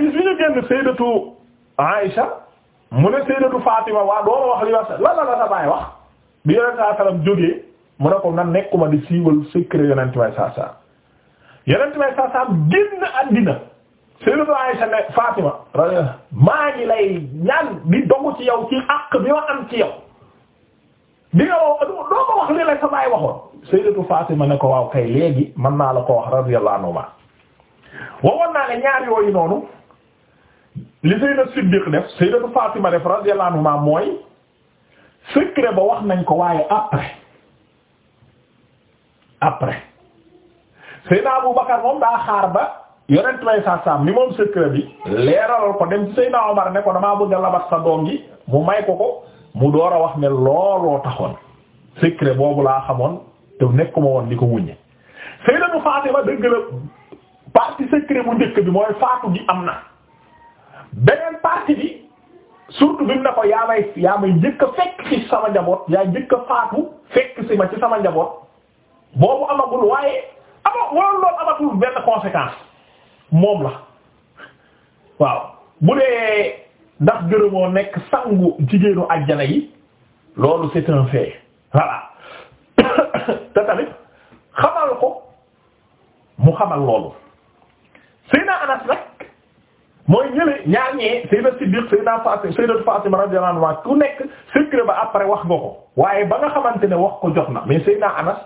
xadiis bi ñu génn sayyidatu Aïsha mu ne sayyidatu Fatima waa doora wax li la la la sa wax bi yonent saa salaam mu ne ko nan nekkuma di siiwal secret yonent may saa saa may saa génn àddina sayyidatu Aïsha Fatima maa lay ñaan di dogu ci yow ci àq bi ma am ci yow bi nga wax doo ko wax li la sa baay waxoon sayyidatu Fatima ne ko waaw kay léegi mën naa la ko wax radiyallahu anha waxoon naa ne ñaar yooyu noonu li Sayyida Siddiq def Sayyidatu Fatima def radiyallahu anhuma mooy secret ba wax nañ ko waaye après après Sayyidna Abu Bakar moom daa xaar ba yonent lay sa sam moom secret bi leeralal ko dem ci Sayyidna Omar ne ko damaa bëgg a labat sa doom mu may ko ko mu door a wax ne looloo taxoon secret boobu laa xamoon te nekkuma woon di ko wuññe Sayyidatu Fatima dëgg la partie secret bu njëkk bi mooy faatu gi am na beneen partie bi surtout bi mu ne ko yaa may yaa may njëkk fekk ci sama njaboot yaa njëkk a faatu fekk si ma ci sama njaboot boobu amagul waaye ama wala loolu amatul benn conséquence moom la waaw bu dee ndax gërëmoo nekk sangu jigéenu àjjana yi loolu c'est un fait voilà te tamit xamal ko mu xamal loolu Seydina Anas nag mooy ñële ñaar ñee Seydina Siddiq Seydina Fatima Seydina Fatima radiyallahu anha ku nekk secret ba après wax nga ko waaye ba nga xamante ne wax ko jox na mais Seydina Anas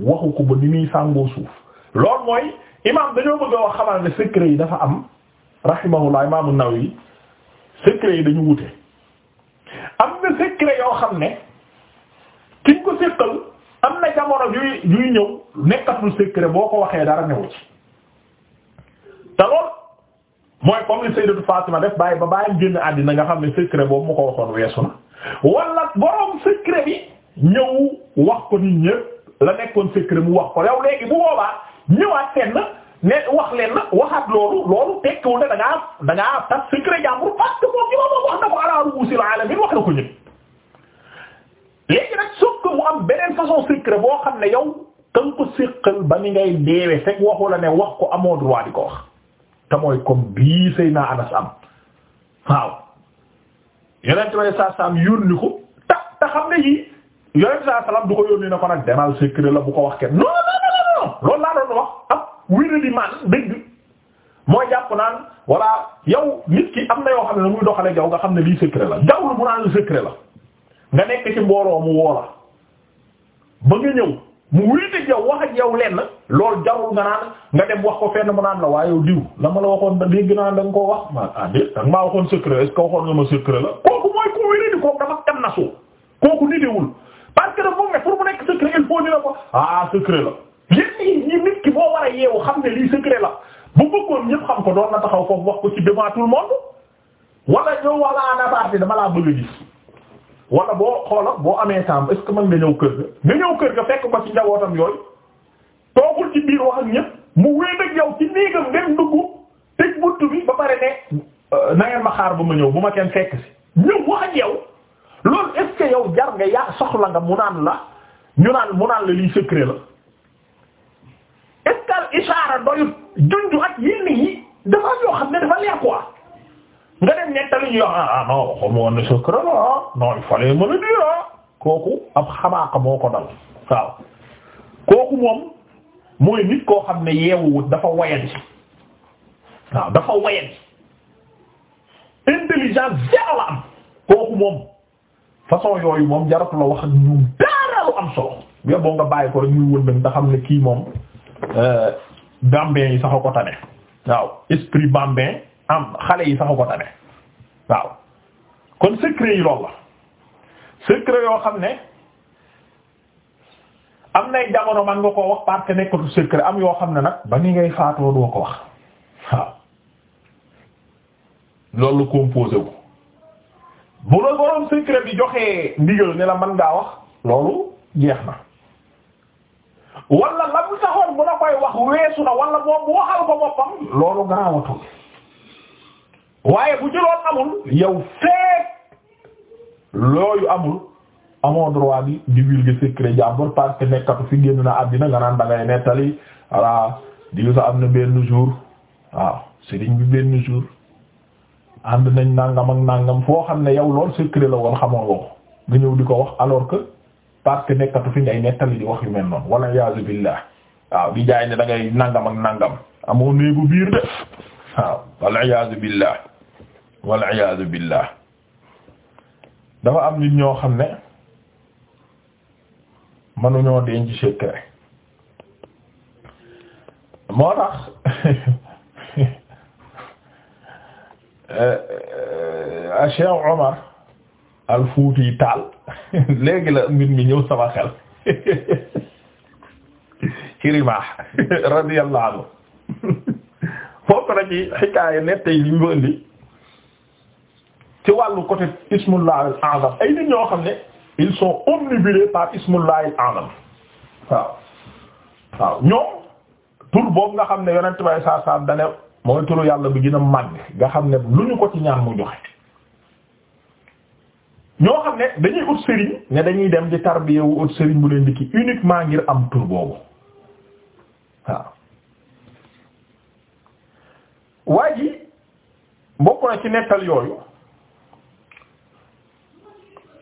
waxu ko ba ni muy sàngoo suuf lool mooy imam dañoo bëgg a wax xamal ne secret yi dafa am rahimahullah imam an-Nawawi secret yi dañu wute am na secret yoo xam ne kiñ ko séqal am na jamono yuy yuy ñëw nekkatul secret boo ko waxee dara ñëw ci te lool mooy comme li Sayyidatu Fatima def bàyyi ba baa génn àddina nga xam ne secret boobu mu ko waxoon weesu na wala borom secret bi ñëw wax ko nit ñëpp la nekkoon secret mu wax ko yow léegi bu boobaa ñëwaat kenn ne wax leen na waxaat loolu loolu tekkiwul ne da ngaa da ngaa tas secret jàmbur parce que moom ñi wax na ko ala ruusil alamin wax na ko ñëpp léegi nag sokk mu am beneen façon secret boo xam ne yow kan ko séqal ba ni ngay ne wax ko amoo droit ko wax te mooy comme bii sëy naa anas am waaw yonent way saa saam yónni ko ta te xam ne yi yonent saa salam du ko yónni na ko nag demal secret la bu ko wax kenn non non non loolu laa doon wax am wéradi man dëgg mooy jàpp naan walla yow nit ki am na yoo xam ne na muy doxale jaw nga xam ne lii secret la jaw lu mu naan secret la nga nekk ci mbooloo mu woola ba nga ñëw mu wéeteeg yow wax ak yow lenn lool jarul nga naan nga dem wax ko fenn mu naan la waaye yow diw la ma la waxoon da dégg naa da koo wax ma ah déet da nga maa waxoon secret est-ce la kooku mooy ku wéré di kooku dafa tam na suuf kooku nidewul parce que dafa ne pour nekk secret ah la ko a yeewu xam ne la bu bëggoon ñëpp xam ko doon na taxaw foofu wax ko ci devant tout le monde wala ñëw wala en aparté dama laa bëgg a gis wala boo xoola boo amee saam est-ce que mën nga ñëw kër ga nga ñëw kër nga fekk ko ci njabootam yooyu toogul ci biir wax ak ñëpp mu wéet ak yow ci néegam ngeen dugg tëj buntu bi ba pare ne euh, na ma xaar ba ma ñëw bu ma kenn fekk si ñëw wax ak yow loolu est-ce jar nga yaa soxla nga mu naan la ñu naan mu naan la lii secret la est ishaara doyut junju ak yenn yi dafa yoo xam ne dafa leer quoi nga dem nettali ñu ah ah non xaw ma woon ne la ah, ah. kooku ab xamaaka moo ko dal waaw kooku moom mooy nit koo xam ne yeewuwut dafa wayadi waaw dafa wayadi intelligence zéro la am kooku moom façon yooyu moom jaratu la wax ak ñun dara am solo yow boo nga bàyyi ko rek muy wëndeel nga xam ne kii moom. Euh, Gambien yi sax a ko waaw esprit bambin. am xale yi sax ko tane waaw kon secret yi loolu la secret yoo xam ne am nay jamono man nga koo wax parce nekkatu secret am yoo xam ne nag ba ni ngay faatoo doo ko wax waaw loolu composé wu bu la boroom secret bi joxee ndigal ne la mën ngaa wax loolu jeex na wala la mu taxoon bu la koy wax weesu na wala moom bu waxal ko boppam loolu garaawatul waaye bu jëloon amul yow feek looyu amul amoo droit bi divulguer secret jàmbur parce que nekkatu fi génn na àddina nga naan da ngay nettali voilà diw sa am na benn jour waaw sëriñ bi benn jour ànd nañ nangam ak nangam foo xam ne yow lool secret la woon xamoo ko nga ñëw di ko wax alors que parce que nekkatu fi ngay nettali di wax mel noonu wala yaazu billah waaw di jaay ne da nangam ak nangam amoo néegu biir de waaw wala yaazu billah wal iyaadu billah dafa am nit ñoo xam ne mënuñoo denc secret moo tax euh, Cheikh Omar al Fuuti Taal léegi la mbir mi ñëw sama xel ci rimaax radiyallahu anhu fokk na ci xikaaya nettay li mu indi ci wàllu côté ismulah azam ay nit ñoo xam ne ils sont omnibulés par ismullahil azam waaw waaw ñoom tur boobu nga xam ne yonent bay saa saa dane mooy turu yàlla bi gën a màgg nga xam ne lu ñu ko ci ñaan mu joxe ñoo xam ne dañuy ut sëriñ ne dañuy dem di tarbiyewu ut sëriñ bu leen di ki uniquement ngir am tur boobu waaw waa ji bokk na ci nettal yooyu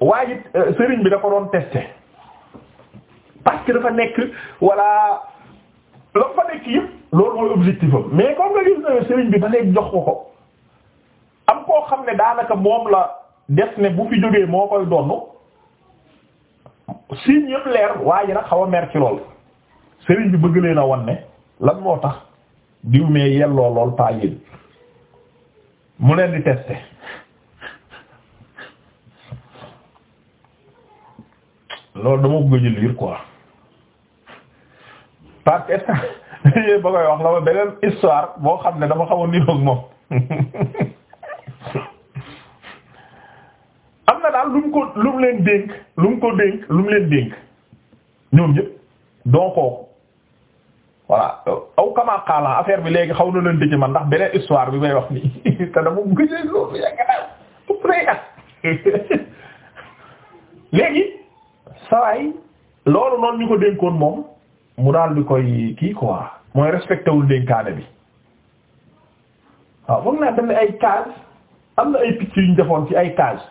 waaye euh, it sëriñ bi da ko doon tester parce que dafa nekk walla la fa nekk yëpp loolu mooy objectif am mais comme nga euh, bi ba léegi jox ko ko am koo xam ne daanaka moom la def ne bu fi jógee moo koy donn signe yëpp leer waaye nag xaw a mer ci lool sëriñ bi bëgg leen a wan ne lan moo tax diw mee yelloo lool paa yéen mu leen di tester loolu dama bëgg a lire quoi parce que yooyu ba koy wax la ma beneen histoire boo xam ne dama xamoon ni ak moom am na daal lu mu ko lu mu leen dénk lu mu ko dénk lu mu leen dénk ñoom ñëpp donc voilà aw kamaa xaala affaire bi léegi xaw na leen dëj man ndax beneen histoire bi may wax nii te dama gëj a loolu yàgg naa ëpp na léegi. sawaay loolu noonu ñu ko dénkoon moom mu daal di koy kii quoi mooy respecté wul dénkaane bi waaw foog naa tamit ay case am na ay picc yu ñu ci ay case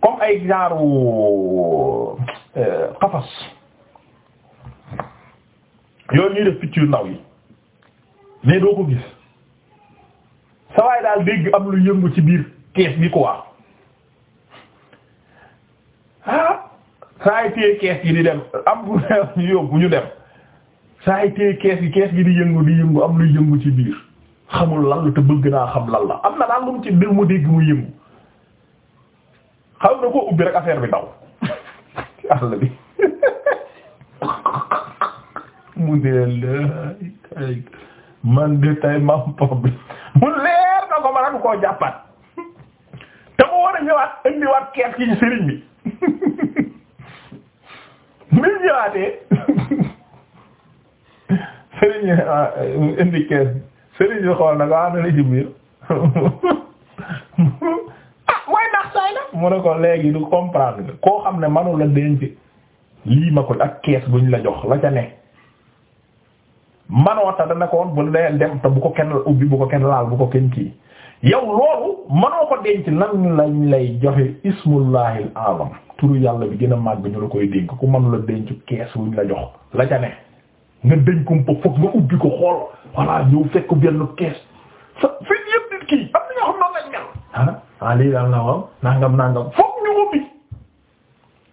comme ay genre euh, xafas yooyu ñuy def picc yu ndaw yi mais doo ko gis sawaay daal dégg am lu yëngu ci biir kees bi quoi ah. saa yi téye kees gi di dem am bu ñu yóbbu ñu dem saa yi téye kees gi kees gi di yëngu di yëngu am luy yëngu ci biir xamul lan la te bëgg naa xam lan la am na daal lu ci mbir mu dégg mu yëngu xam na ko ubbi rek affaire bi daw ci bi mu dee lay man de tay mam problème mu leer na ko ma nan koo jàppaat te mu war a ñëwaat indiwaat kees ci sëriñ bi muy ñëwaatee Serigne euh, indi kees Serigne bi xool ah, na ko am na la ci biir ah mooy ndax saay na mu ne ko léegi du koo xam ne manu la denc lii ma ko ak kees bu la jox la ca ne manoo ta ko woon bu dee dem te bu ko kenn ubbi bu ko kenn laal bu ko kenn kii yow loolu manoo ko denc lan lañ lay joxe ismullahil a'zam turu yàlla bi gën a màgg ñu la koy dénk ku mënula denc kees wuñ la jox la ca nga dénkum ko foog nga ubbi ko xool voilà ñëw fekk benn kees sa yëpp nit kii am na ñoo xam noonu lañ mel ah ah lii daal na waaw nangam nangam foog ñu ubbi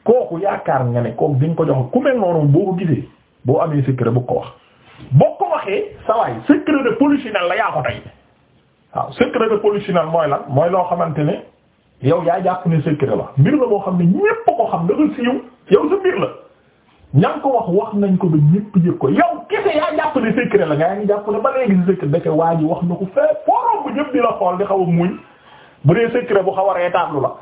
kooku yaakaar nga ne kooku diñ ko jox ku mel noonu boo ko gisee boo amee secret bu ko wax boo ko waxee sa waay secret de polichinelle la yaa ko tey waaw secret de polichinelle mooy lan mooy loo xamante ne yow yaa jàpp ne secret la mbir la boo xam ne ñépp ko xam dafa siiw yow sa mbir la ña ko wax wax nañ ko ba ñépp yëg ko yow kese yaa jàpp ne secret la nga yaa ngi jàpp ne ba léegi si secret dake waa wax na ko la xool di xaw a bu dee secret bu xaw a reetaatlu la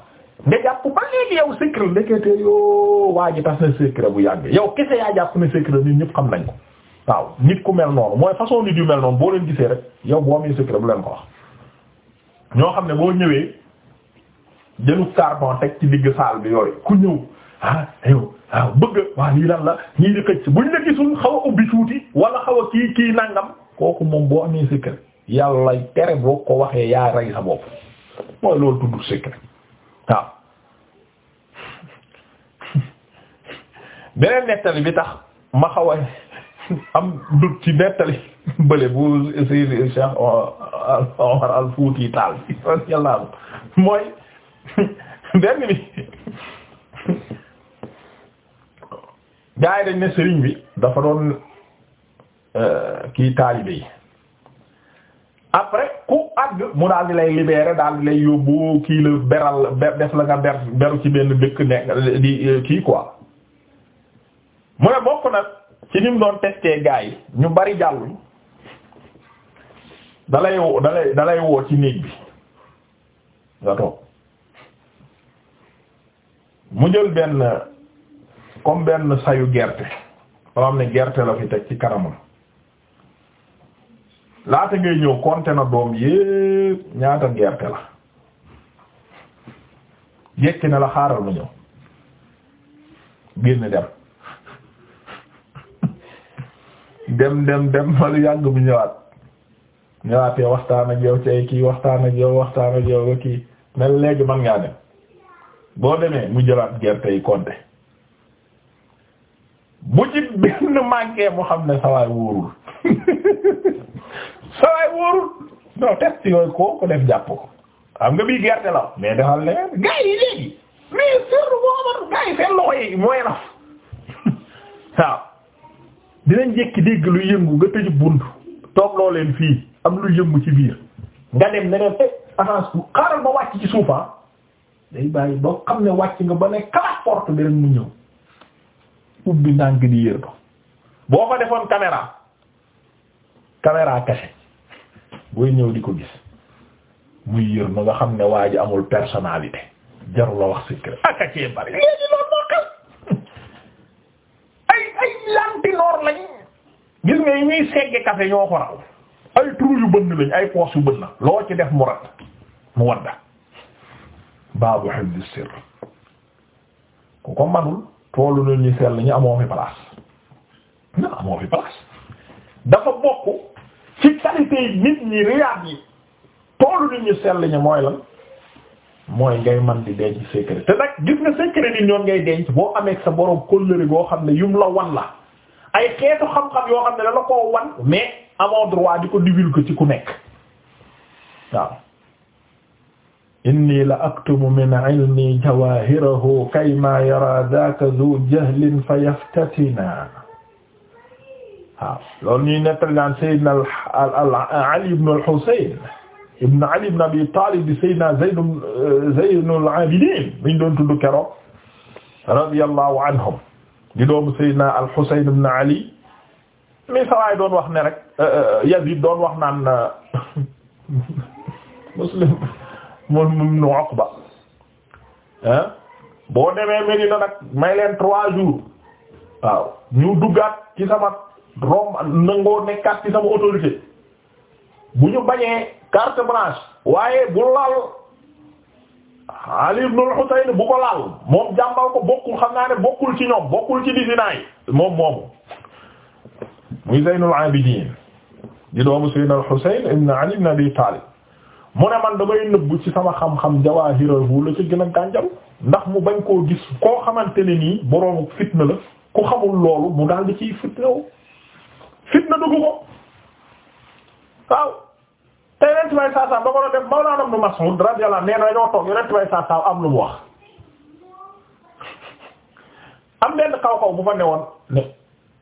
nga jàpp ba yow secret ndeketee yoo waa ji tas na secret bu yàgg yow kese yaa jàpp ne secret nit ñépp xam nañ ko waaw nit ku mel noonu mooy façon nit yu mel boo leen gisee rek yow boo amee secret bu leen ko wax ñoo xam ne boo ñëwee jëlu carbon teg ci digg saal bi yooyu ku ñëw ah yow bëgg waa lii lan la ñii di xëcc buñ la gisul xaw ubbi tuuti wala xaw a ki kii nangam kooku moom boo amee secret yàlla tere boo ko waxee yaa rey sa bopp mooy loolu tuddul secret waaw beneen nettali bi tax ma xaw a am dut ci nettali bële bu Seydi Cheikh Omar al Fouti Tall yàlla mooy benn bi gaa yi dañ ne sëriñ bi dafa doon euh, kii taalibe après ku àgg mu daal di lay libéré daal di lay yóbbu kii la beral ber def la nga ber beru ci benn dëkk nekk di kii quoi mu ne bokk nag ci ni doon testé gaa yi ñu bari jàlluñ dalay dalay dalay woo ci néeg bi nga toog mu jël benn comme benn sayu gerte wala am ne gerte la fi teg ci kanamam laata ngay ñëw compter na doom yépp ñaata gerte la yekki na la xaaral ma ñëw génn dem dem dem dem ba lu yàgg bu ñëwaat ñëwaatee waxtaan ak yow ci ay kii waxtaan ak yow waxtaan ak yow ba kii mel léegi man ngaa dem boo demee mu jëlaat gerte yi compter bu ci benn manqué mu xam ne sawaay wóorul sawaay wóorul non test yooyu ko ko def jàpp ko xam nga gerte la mais defal leen gaa yi léegi mais seetlu boo xamante gaa yi seen loxo yi mooy raf waaw dinañ jékki dégg lu yëngu nga tëj bunt toog loo leen fii am lu yëngu ci biir nga dem ne leen eh avance bu xaaral ba wàcc ci ah. day bàyyi ba xam ne wàcc nga ba ne kala porte bi rek mu ñëw ubbi ndànk di yër ko boo ko defoon caméra caméra caché booy ñëw di ko gis muy yër ma nga xam ne waa ji amul personnalité jaru la wax secret ak a cee bari léegi loolu moo xew ay ay lantinoor lañ gis nga ñuy segge café ñoo ko raw ay trou yu bënn lañ ay poches yu bënn loo ci def mu rat mu wadda baabu hifz sir ku ko manul toolu na ñu sell ñu amoo fi place na amoo fi place dafa bokk ci qualité yi nit ñi riyaat yi toolu na ñu sell ñu mooy lan mooy ngay man di denc secret te nag gis nga secret ni ñoom ngay denc boo amee sa borom kóllëre goo xam ne yum la wan la ay xeetu xam-xam yoo xam ne la koo wan mais amoo droit di ko ko ci ku nekk waaw inni la aktumu min ilmi jawahirahu kayma yara dhaka zu jahlin fa yaftatina waaw loolu ñuy nettali naan Seydina Ali ibn al-Husayn ibn Ali ibn Abi Talib di Seydina Zayd Zaynul Abidin miñ doon tudd keroog radiyallahu anhum di doomu Seydina al-Husayn ibn Ali mi sawaay doon wax ne rek euh, euh, Yazid doon wax naan euh, Muslim moom moom nu Uqba ah boo demee Medina nag may leen trois jours waaw ñu duggaat ci sama rom nangoo nekkaat ci sama autorité bu ñu bañee carte blanche waaye bu laal Ali ibn al-Husayn bu ko laal moom jàmbal ko bokkul xam naa ne bokkul ci ñoom bokkul ci disinaay moom moomu muy Zaynul Abidin di doomu Sayyidina al-Husayn ibn Ali ibn Abi Talib mu ne man damay nëbbu ci sama xam-xam bu la ci gën a gànjaru ndax mu bañ koo gis koo xamante ne nii boroomu fitna la ku xamul loolu mu daal di ciy fitnawu fitna dugg ko waaw te yonent bay saasaam ba ko doon am lu mu wax am benn kaw bu fa newoon ne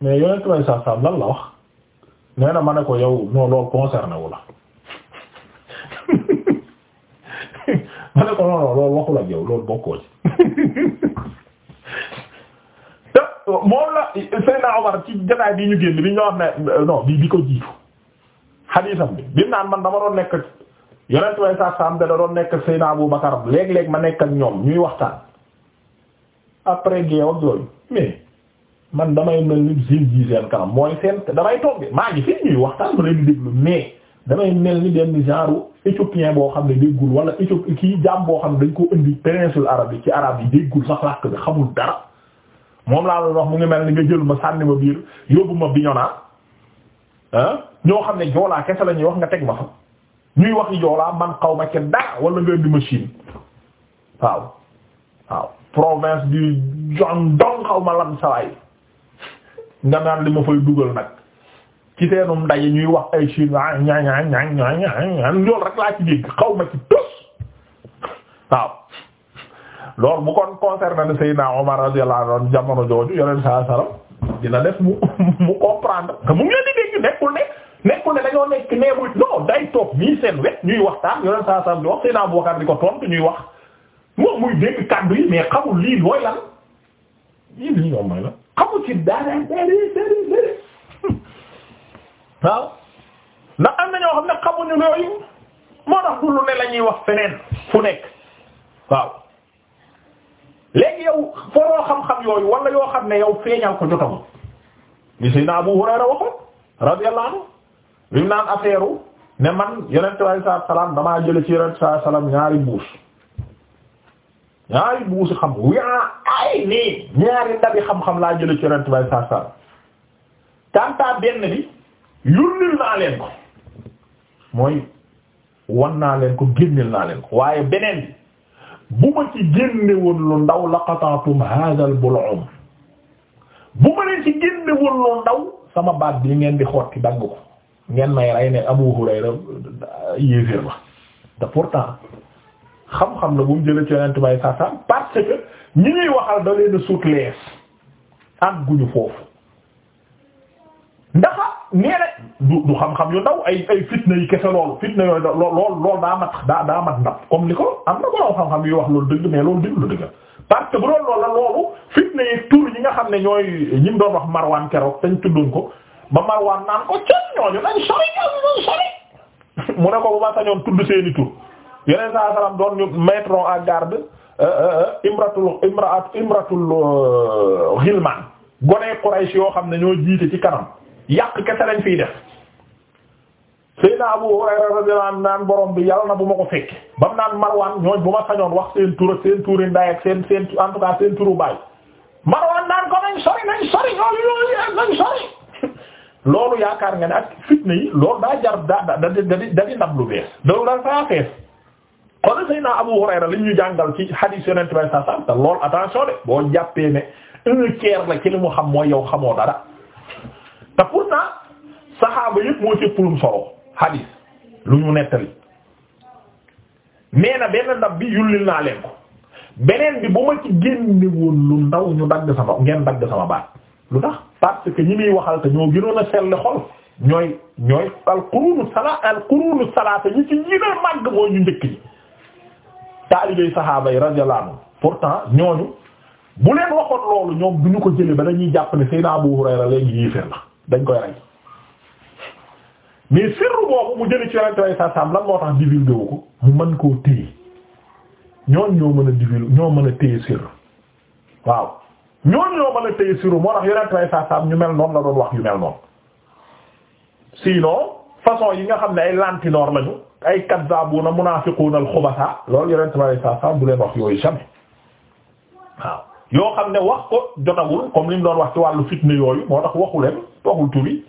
mais yonent bay la wax na ma ne ko yow non loolu concerné la ma ne ko non loolu waxul ak yow loolu bokkoo ci la Seydina Omar ci jotaay bi ñu génn bi ñu wax ko jiitu xadiisam bi bi naan man dama doon nekk yonent way sa sam da doon nekk Seydina Abu Bakar léeg-léeg ma nekk ak ñoom ñuy waxtaan après géew ak yooyu mais man damay mel ni zil ji seen kanam mooy seen damay toog maa ngi fi ñuy waxtaan ma leen di déglu mais damay mel ni benn genre éthiopien boo xam ne déggul wala éthiopien kii jaam boo xam ne dañ ko indi péninsule arabe yi ci arabe yi déggul sax làkk bi xamul dara moom laa doon wax mu ngi mel ni nga jël ma sànni ma biir yóbbu ma Bignona ah ñoo xam ne joolaa kese la ñuy wax nga teg ma fa ñuy waxi joolaa man xaw ma ci dara wala nga indi ma Chine waaw waaw province du Guangdong xaw ma lan sawaay nga naan li ma fay dugal nag ci seenum nday ñuy wax ay chine ah ña ña rek laa ci dégg xaw ma ci tos waaw loolu bu kon concerné na Seydina Omar radiyallahu anhu jamono jooju yeneen saa salaam dina def mu mu comprendre que mu ngi leen di dégg nekkul ne nekkul ne nekk nee muy non day toog nii seen wet ñuy waxtaan yeneen saa salaam di wax Seydina Abu Bakar di ko tontu ñuy wax moom muy dégg kàddu yi mais xamul lii mooy lan lii lii ñoom mooy lan xamul ci dara dara dara. waaw ndax am na ñoo xam ne xamuñu loolu moo tax du ne la ñuy wax feneen fu nekk waaw léegi yow foroo xam-xam yooyu wala yoo xam ne yow feeñal ko jotawul li Seydina Abu Hurayra waxoon radiyallahu anhu li mu naan affaire ne man yonent bi alayhi salaatu salaam damaa jële ci yonent salaatu salaam ñaari buus ñaari mbuusi xam yaa ay nii ñaari ndabi xam-xam laa jële ci yonent bi alayhi salaatu salaam tanta benn bi yónnil naa leen ko mooy wan naa leen ko génneel naa leen ko waaye beneen bu ma ci génne lu ndaw laqataatum hadha al bul'um bu ma leen ci génne lu ndaw sama baat bi ngeen di xotti dagg ko ngeen may rey ne Abu Hurayra yéeféer la te pourtant xam-xam la bu mu jëlee ci yonent bay saasaam parce que ñi ñuy waxal da leen suut lees ak guñu foofu ndaxa nee na du du xam-xam yu ndaw ay ay fitna yi kese loolu fitna yooyu lool lool daa mat daa mat ndab comme ni ko am na borom xam-xam yu wax loolu dëgg mais loolu dëgg lu dëgg parce que bu doon loolu la loolu fitna yi tur ñi nga xam ne ñooy ñi mu doon wax Marwan keroog dañ tuddoon ko ba Marwan naan ko cën ñooñu nañ sori ñooñu sori mu ne ko bu ma sañoon tudd seeni tur yeneen saa salaam doon ñu mettre en garde euh, euh, euh, imratul imratul Ghilman gone Quraysh yoo xam ne ñoo jiite ci kanam yàq kese lañ Seydina Abu Hurayra radiyallahu naan borom bi yàlla na bu ma ko fekke ba mu naan Marwan ñooñ bu ma sañoon wax seen tur seen turi ak seen seen en seen turu baay Marwan naan ko nañ sori nañ sori loolu yaakaar nga ne ak fitna yi loolu daa jar da di da di da di ndab lu bees loolu daal saa fees kon Seydina Abu Hurayra li ñu jàngal ci hadith Yonent bi sallallahu alayhi wasallam loolu attention de boo jàppee ne un tiers la ci li mu xam mooy yow xamoo dara hadis lu ñu nettali nee na benn ndab bi yullil naa leen ko beneen bi bu ma ci génne lu ndaw ñu dagg sama ngeen dagg sama baat lu tax parce que ñi muy waxal te ñoo gënoon a sell xol ñooy ñooy al qurunu sala al qurunu salaata ñi ci ñi doon màgg mooy ñu njëkk ñi taalibey sahaaba yi radiyallahu pourtant ñooñu bu leen waxoon loolu ñoom du ñu ko jële ba dañuy jàpp ne Seydina Abu Hurayra léegi yéeféer la dañ koy rey mais sirru boobu mu jëli ci yonent way sa la lan moo tax divulgué wu ko mu mën koo téye ñooñ ñoo mën a divulgué ñoo mën a téye sirru waaw ñooñ ñoo mën a téye sirru moo tax yonent way sa ñu mel noonu la doon wax yu mel noonu sinon façon yi nga xam ne ay lantinoor lañu ay kazzabuna munafiquna al-xubasa loolu yonent way sa sam bu leen wax yooyu jamais waaw yoo xam ne wax ko jotagul comme li doon wax ci wàllu fitne yooyu moo tax waxu leen waxul turi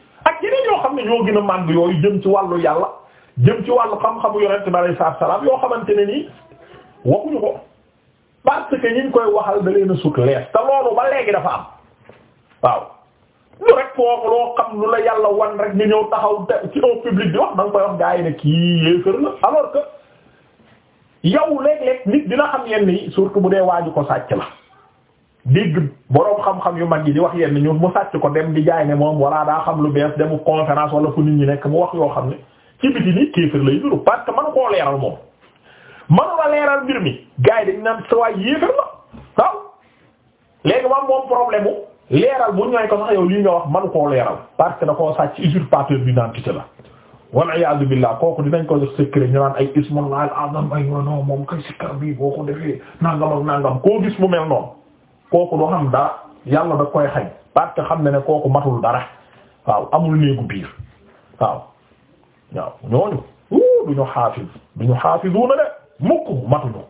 xam na ñoo gën a màgg yooyu jëm ci wàllu yàlla jëm ci wàllu xam-xamu yonent bi alayhi salaam yoo xamante ne nii waxuñu ko parce que ñu koy waxal da leen a sut leer te loolu ba léegi dafa am waaw lu rek foofu loo xam lu la yàlla wan rek nga ñëw taxaw ci au public di wax da koy wax gaa yi ne kii yéefër la alors que yow léeg-léeg nit dina xam yenn yi surtout bu dee waaju ko sàcc la. dégg boroom xam-xam yu mag yi di wax yenn ñun mu sàcc ko dem di jaay ne moom walla daa xam lu bees demu conférence wala fu nit ñi nekk mu wax yoo xam ne ci biti nii kéefër lay nuru parce que manu koo leeral moom manu la leeral mbir mi gars yi dañ naan sawaay yéefër la waaw man moom problème leeral bu ñooy ko sax yow lii nga wax manu koo leeral parce que da koo sàcc usurpateur d'identité la wal iyaadu billaah kooku dinañ ko def secret ñu naan ay ismullahi al azam ay wono moom kay sikkar bii kooku doo xam daa yàlla da koy xañ parce que xam ne ne kooku matul dara waaw amul néegu biir waaw waaw ñooñu wuu du ñu xaafis du ñu xaafisuuna de mukk matuñu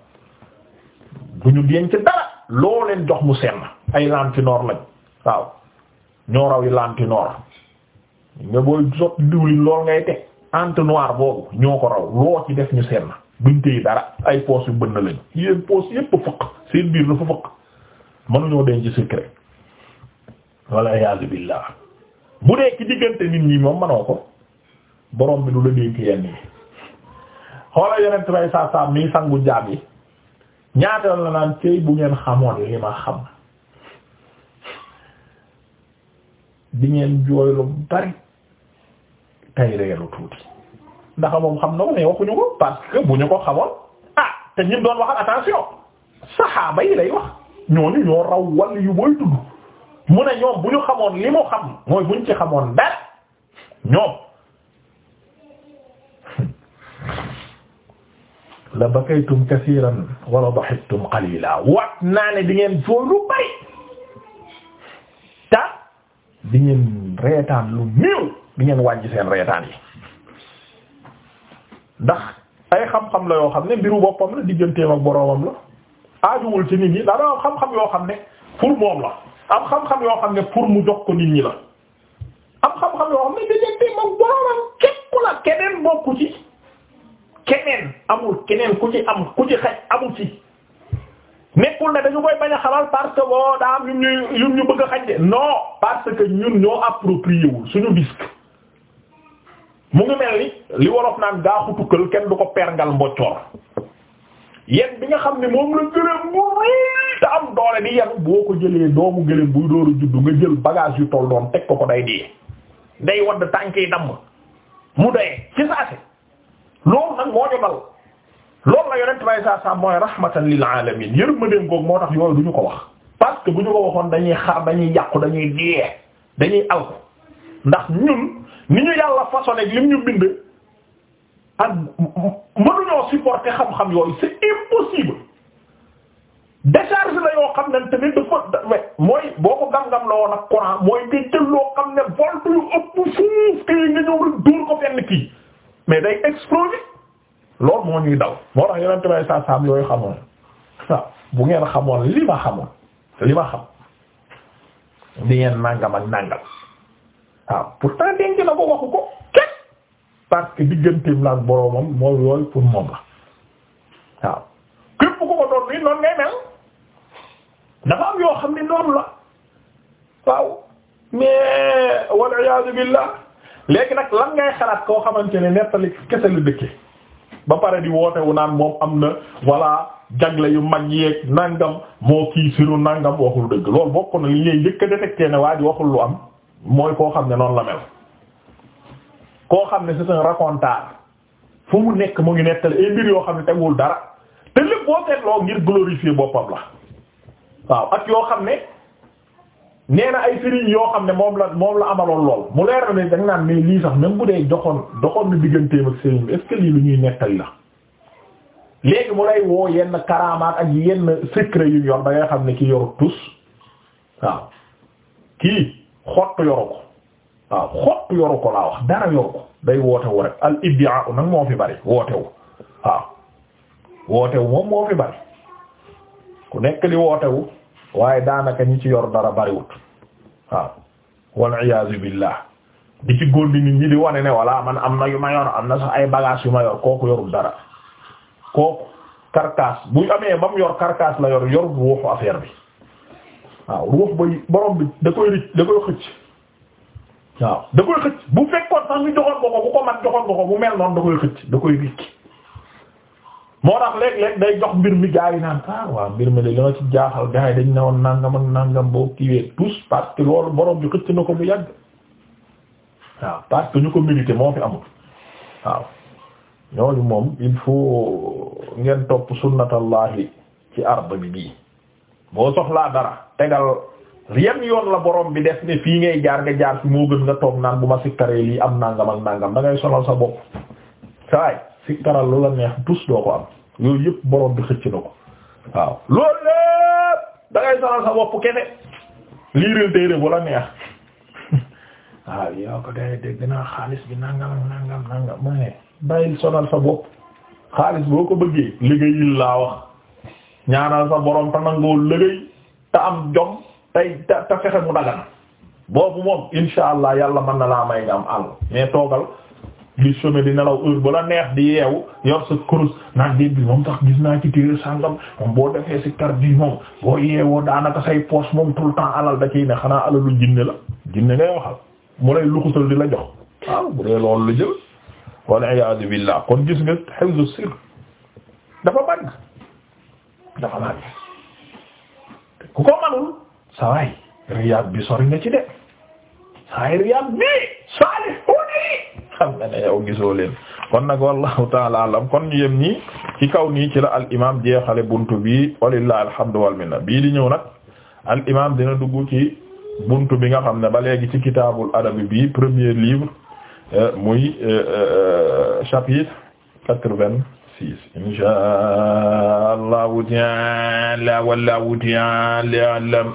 du ñu denc dara loo jox mu seen ay lantinoor lañ waaw ñoo raw yi lantinoor nga booy sot diwlin lool ngay teg entonnoir boobu ñoo ko raw loo ci def ñu seen duñ téye dara ay poos yu bënn lañ yéen poos yépp fëq seen biir dafa fëq mënuñoo denc secret walla iyaazu billaah bu dee ci diggante nit ñi moom manoo ko borom bi du la dénk yenn yi xoola yonent bay saa saa sangu jaam yi ñaatal la naan tey bu ngeen xamoon li ma xam di ngeen jooy lu bari tay tuuti ndax moom xam na ko mais waxuñu ko parce que bu ñu ko xamoon ah te ñim doon wax attention saxaaba yi lay wax ñooñu ñoo raw yu booy tudd mu ne ñoom bu ñu xamoon li mu xam mooy buñ ci xamoon dara ñoom la bakaytum kasiiran wala dahiktum qalila wat naa ne di ngeen foo lu bari ta bi ngeen reetaan lu néew di ngeen wàññi seen reetaan yi ndax ay xam-xam la yoo xam ne mbiru boppam la digganteem ak boroomam la aajuwul ci nit ñi daa am xam-xam yoo xam ne pour moom la am xam-xam yoo xam ne pour mu jox ko nit ñi la am xam-xam yoo xam ne amul keneen ku ci am ku ci xaj ci nekkul ne dañu koy bañ a xalal parce boo daa am yu ñu yu bëgg a xaj de non parce que ñun ñoo approprié wul suñu disque mu ngi mel ni li wolof naan gaa xutukal kenn du ko perngal mboccoor yéen bi nga xam ne moom la gëléem bu rëy te am doole di yenu boo ko jëlee doomu gëléem buy dooru juddu nga jël bagage yu toll doon teg ko ko day dee day wadd tànk yi damm mu doyee ci saase loolu nag moo ñu dal loolu la yonent bay saa saa mooy rahmatan lil alamin yërmandeem googu moo tax yooyu du ñu ko wax parce que bu ñu ko waxoon dañuy xaar dañuy yàqu dañuy dee dañuy alku ndax ñun ni ñu yàlla façonné lim ñu bind ak mënuñoo supporter xam-xam yooyu c'est impossible décharge la yoo xam ne tamit dafa mooy boo ko gam-gam la woon ak ko fenn kii mais day exploser loolu moo ñuy daw moo tax yeneen tamit saa saam yooyu xamoon bu ngeen xamoon li ma xamoon li ma xam di ngeen nàngam ak nàngam waaw pourtant denc na ko waxu ko parce que digganteem la ak boroomam mooy yooyu pour moom la waaw képp ku ko doon nii noonu ngay mel dafa am yoo xam ni noonu la waaw mais wal iyaadu billah léegi nag lan ngay xalaat koo xamante ne nettali kese lu dëkke ba pare di woote wu naan moom am na voilà jagle yu mag yeeg nangam moo kii siru nangam waxul dëgg loolu bokk na li ñuy njëkk a ne waa ji waxul lu am mooy koo xam ne noonu la mel. koo xam ne c'est un racontard fu mu nekk mu ngi nettali ay yoo xam ne tegul dara te lépp boo seetloo ngir glorifier boppam la waaw ak yoo xam ne nee ay sëriñ yoo xam ne moom la moom la amaloon lool mu leer na ne da naan mais lii sax même bu dee doxoon doxoon na digganteem ak sëriñ bi est-ce que lii lu ñuy nettali la. léegi mu lay woo yenn karaamaat ak yenn secret yu yor da ngay xam ne ki yoru tus waaw kii xott yoru ko waaw xott yoru ko laa wax dara yoru ko day wootewu rek al iddia nag moo fi bari wootewu waaw wootewu moom moo fi bari ku nekk li wootewu waaye daanaka ñi ci yor dara bariwut waaw wal iyaazu billah di ci góor nit ñi di wane ne walla man am na yu ma yor am na sax ay bagage yu ma yor kooku yorul dara kooku karkaas bu amee ba mu yor karkaas la yor yor ruuxu affaire bi waaw ruux ba borom bi da koy rëcc da waaw da koy xëcc bu fekkoon sax ñu joxoon ko ko bu ko mat joxoon ko ko bu mel noonu da koy xëcc da koy rikki moo tax léeg-léeg day jox mbir mi gaa yi naan ah waaw mbir mi de li ci jaaxal gaa yi dañ ne woon nangam nangam boo kiiwee tous parce que loolu borom bi xëcc na ko bu yàgg waaw parce que ñu ko milité moo fi amul waaw ñooñu moom il faut ngeen topp sunnatallahi ci arba bii boo soxlaa dara tegal yan yoon la boroom bi def ne fii ngay jaar nga jaar fi moo gën nga toog naan bu ma sikkaree lii am nangam ak nangam da ngay sonal sa bopp saay sikkaral lu la bi xëcc na ko waaw loolu lépp sa bopp ko day dégg xaalis bi nangam ak nangam nangam boo ko bëggee liggéeyil laa wax ñaanal sa borom te nangoo liggéey te am jom tey ta ta fexe mu dagan boobu moom insha allah yàlla mën na laa may nga am àll mais toogal di semé di nelaw heure la neex di yeewu yor sa kurus naan dégg bi moom tax gis naa ci téere sàngam moom boo defee si kar bi moom boo yeewoo daanaka say poche moom tout le temps alal da ciy ne xanaa alalu jinne la jinne ngay waxal mu lay luxusal di la jox waaw bu dee loolu la jël walla iyaadu billah kon gis nga hifzu sir dafa bari dafa bari ku ko manul sawaay riyaad bi sori ci de sawaay riyaad bi saalihuuna yi xam ne yow gisoo leen kon nag wallahu taala alam kon yem nii ci kaw nii ci la al imam jeexale buntu bi walillahi alhamdu wal minna bii di ñëw nag al imam dina dugg buntu bi nga xam ne ba léegi ci kitaabul adabi bi premier livre euh, muy euh, euh, chapitre quatre-vingt-six insha allahu taala wallahu taala alam